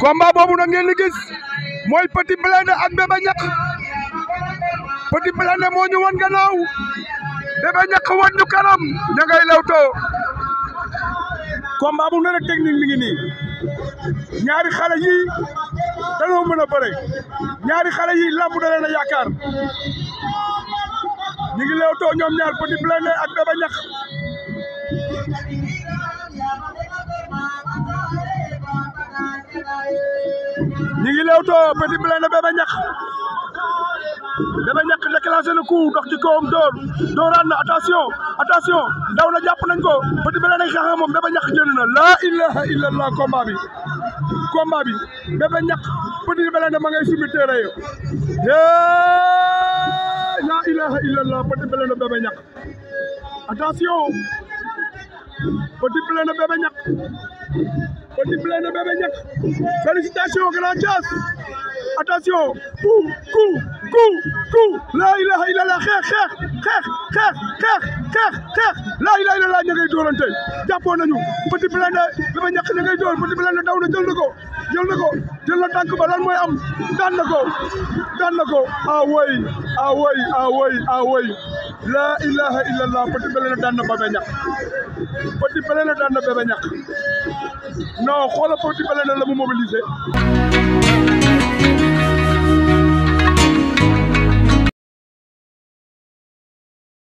combat boobu na ngeen di gis mooy Petit Blindé ak Bébé Ñakk Petit Blindé moo ñu won gannaaw Bébé Ñakk won ñu kanam ña ngay lewtoo combat bu ne rek technique mi ngi ñaari xale yi dañoo mën a bëre ñaari xale yi lamb da leen a ngi lewtoo ñoom ñaar Petit Blindé ak Bébé Ñakk ñi ngi lew to Petit blé na Bébé ñak Bébé Ñakh déclenché na coup dox ci koom do dóoraan na attention attention daw na japp nañ ko Petit blé na xaxam mom Bébé ñak jël na la ilaha illallah combat bi combat bi Bébé ñak Petit blé na ma ngay sumi téere yo la ilaha illallah Petit blé na Bébé ñak attention Petit blé na Bébé ñak dimbale na Bébé Diack félicitations grand Thiass attention coup coup coup coup laa ilaha illallah xeex xeex xeex xeex xeex xeex xeex laa ilaha illallah ña ngay dóorante jàppoon nañu Petit Blindé Bébé Diack ña ngay dóor Petit Blindé daw na jël na ko jël na ko jël na ba lan mooy am daan na ko daan na ko awoy ah awoy ah awoy ah awoy laa ilaha illallah Petit Blindé daan na Bébé Petit Pelé la daan na Bébé Ñakk non xoolal Petit Pelé la mu mobilisé.